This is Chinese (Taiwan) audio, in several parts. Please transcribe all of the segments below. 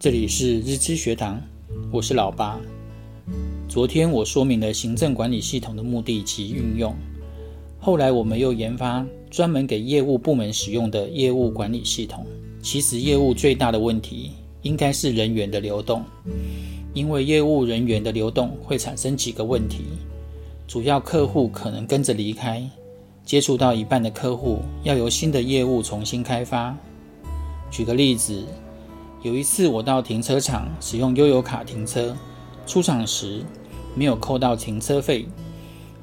這裡是日資學堂，我是老八。昨天我說明了行政管理系統的目的及運用，後來我們又研發專門給業務部門使用的業務管理系統。其實業務最大的問題應該是人員的流動，因為業務人員的流動會產生幾個問題：主要客戶可能跟着離開，接觸到一半的客戶要由新的業務重新開發。舉個例子。有一次，我到停車場使用悠遊卡停車，出場時沒有扣到停車費，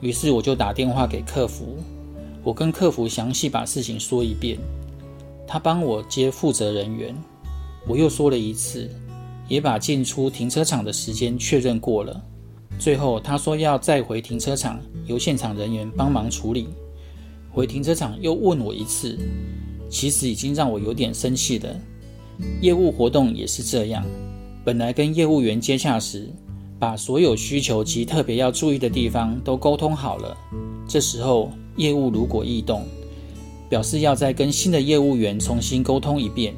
於是我就打電話給客服。我跟客服詳細把事情說一遍，他幫我接負責人員，我又說了一次，也把進出停車場的時間確認過了。最後他說要再回停車場，由現場人員幫忙處理。回停車場又問我一次，其實已經讓我有點生氣的。業務活動也是這樣，本來跟業務員接洽時，把所有需求及特別要注意的地方都溝通好了。這時候業務如果異動，表示要再跟新的業務員重新溝通一遍。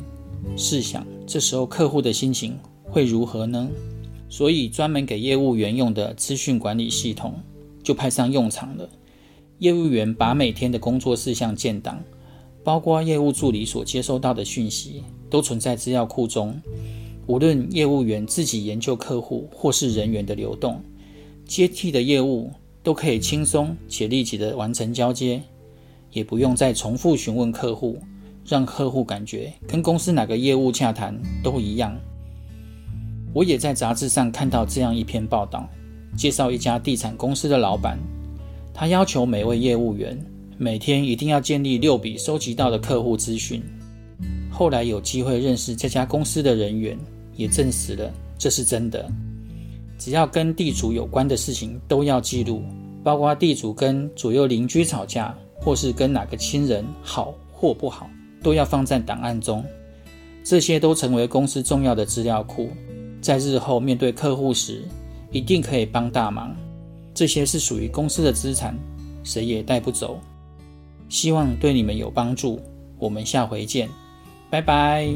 試想，這時候客戶的心情會如何呢？所以，專門給業務員用的資訊管理系統就派上用場了。業務員把每天的工作事項建檔。包括業務助理所接收到的訊息，都存在資料庫中。無論業務員自己研究客戶，或是人員的流動，接替的業務都可以輕鬆且立即的完成交接，也不用再重複詢問客戶，讓客戶感覺跟公司哪個業務洽談都一樣。我也在雜誌上看到這樣一篇報道，介紹一家地產公司的老闆，他要求每位業務員。每天一定要建立六筆收集到的客戶資訊。後來有機會認識這家公司的人員，也證實了這是真的。只要跟地主有關的事情都要記錄，包括地主跟左右鄰居吵架，或是跟哪個親人好或不好，都要放在檔案中。這些都成為公司重要的資料庫，在日後面對客戶時，一定可以幫大忙。這些是屬於公司的資產，誰也帶不走。希望對你們有幫助，我們下回見，拜拜。